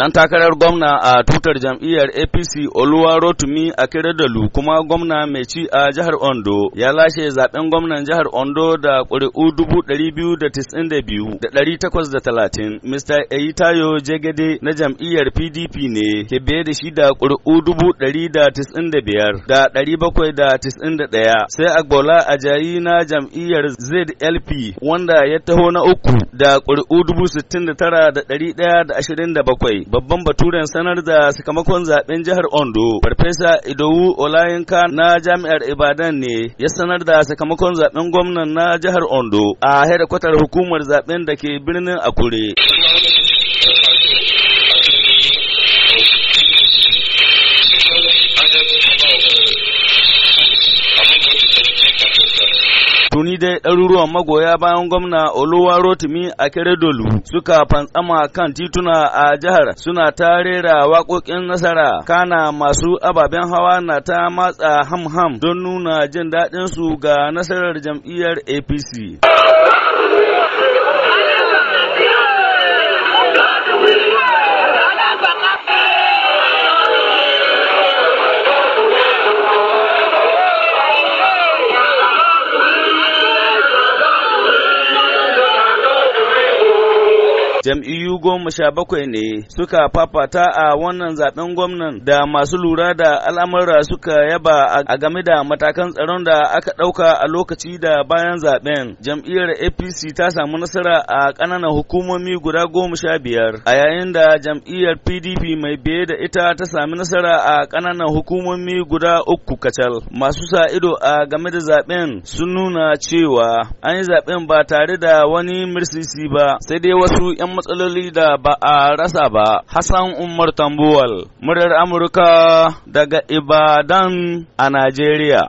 Ɗan takarar gwamna a tutar jam'iyyar APC Oluwa Rotumi a kuma gwamna mai ci a jihar Ondo ya lashe zaben gwamnan jihar Ondo da ƙuri'u dubu ɗari biyu da tisin da biyu da ɗari takwas da talatin. Mr. Eyitayo Jegede na jam'iyyar PDP ne ke biye da shi da ƙuri'u dubu ɗari da tisin da biyar da ɗari bakwai da tisin da ɗaya. Sai Agbola Ajayi na jam'iyyar ZLP wanda ya taho na uku da ƙuri'u dubu sittin da tara da ɗari ɗaya da ashirin da bakwai. babban baturen sanar da sakamakon zaben jihar Ondo Farfesa Idowu Olayinka na Jami'ar Ibadan ne ya sanar da sakamakon zaben gwamnan na jihar Ondo a hedikwatar hukumar zaben da ke birnin Akure. Tuni dai ɗaruruwan magoya bayan gwamna Oluwa Rotimi a Keredolu suka fantsama kan tituna a jihar suna ta rera waƙoƙin nasara. Kana masu ababen hawa na ta matsa ham-ham don nuna jin daɗinsu ga nasarar jam'iyyar APC. jam'iyyu goma sha bakwai ne suka fafata a wannan zaben gwamnan da masu lura da al'amura suka yaba a game da matakan tsaron da aka ɗauka a lokaci da bayan zaben jam'iyyar apc ta samu nasara a ƙananan hukumomi guda goma sha biyar a yayin da jam'iyyar pdp mai biye da ita ta sami nasara a ƙananan hukumomi guda uku kacal masu sa ido a game da zaben sun nuna cewa an yi zaben ba tare da wani mirsisi ba sai dai wasu 'yan matsaloli da ba a rasa ba, Hassan Umar Tambuwal, muryar Amurka daga Ibadan a Najeriya.